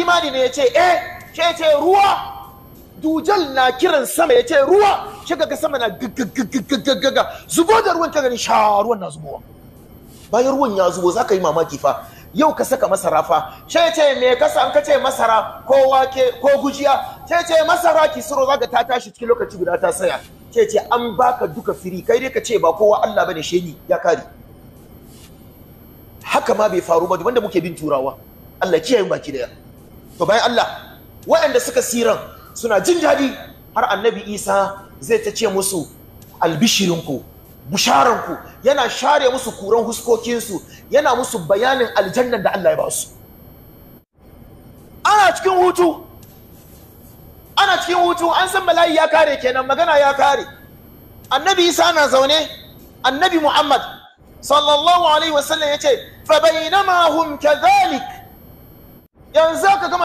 imani ne ya ce eh ke ce ruwa dujal na kiran sama ya ce ruwa shi ga sama na gaggagaggaga zubo da ruwan ta gani sha ruwan na zubowa bayan ruwan ya zubo za ka yi mamaki fa yau ka saka masara fa ce ce me kasa an ka ce masara ko wake ko gujiya ce ce masara ki za ka ta tashi cikin lokaci guda ta saya ce ce an baka duka firi kai dai ka ce ba kowa Allah bane sheni ya kare haka ma bai faru ba da muke bin turawa Allah kiyaye mu baki daya to bayan Allah waɗanda suka siran suna jin daɗi har annabi isa zai ta ce musu albishirinku busharanku yana share musu kuran huskokinsu yana musu bayanin aljannan da Allah ya ba su ana cikin hutu ana cikin hutu an san bala'i ya kare kenan magana ya kare annabi isa na zaune annabi muhammad sallallahu alaihi wasallam ya ce fa bainama hum kadhalik yanzu ka gama